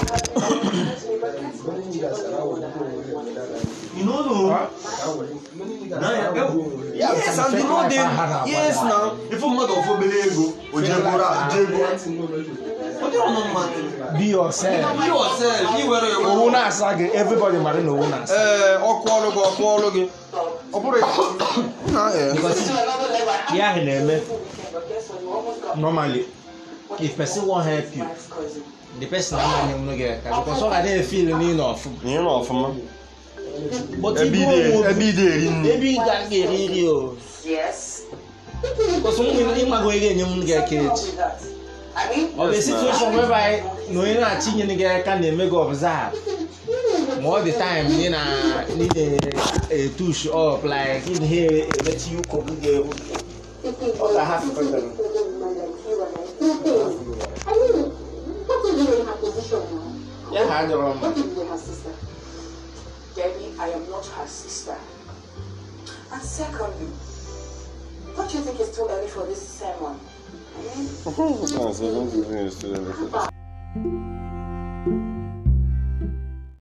you no know na ya pe yes and you know dey yes na ifu mmadụ ofobere ego ojegoro ojego onye ọnụ mmadụ be yourself be yourself ị were owu na-asa gị everybody mara na owu na-asa ee ọkụ ọrụ gị ọkụ ọrụ gị ọ bụrụ ya ahụ normally if person wan help you the person ama ne mu no gɛ ka because ɔka ne efi no ne na But ne na ɔfum. ebi de ebi de eri nni. ebi ga ga eri eri o. because mu mi ma go eri enyim no gɛ cage. ɔbɛ situation whereby no onye na-achị nye get ka na-eme gị observe ma the dị time ị na ị a touch up like in here, let you gị ga-ewu ọ ka ha them. Yeah. What do you mean her sister? Debbie, I am not her sister. And secondly, don't you think it's too early for this sermon?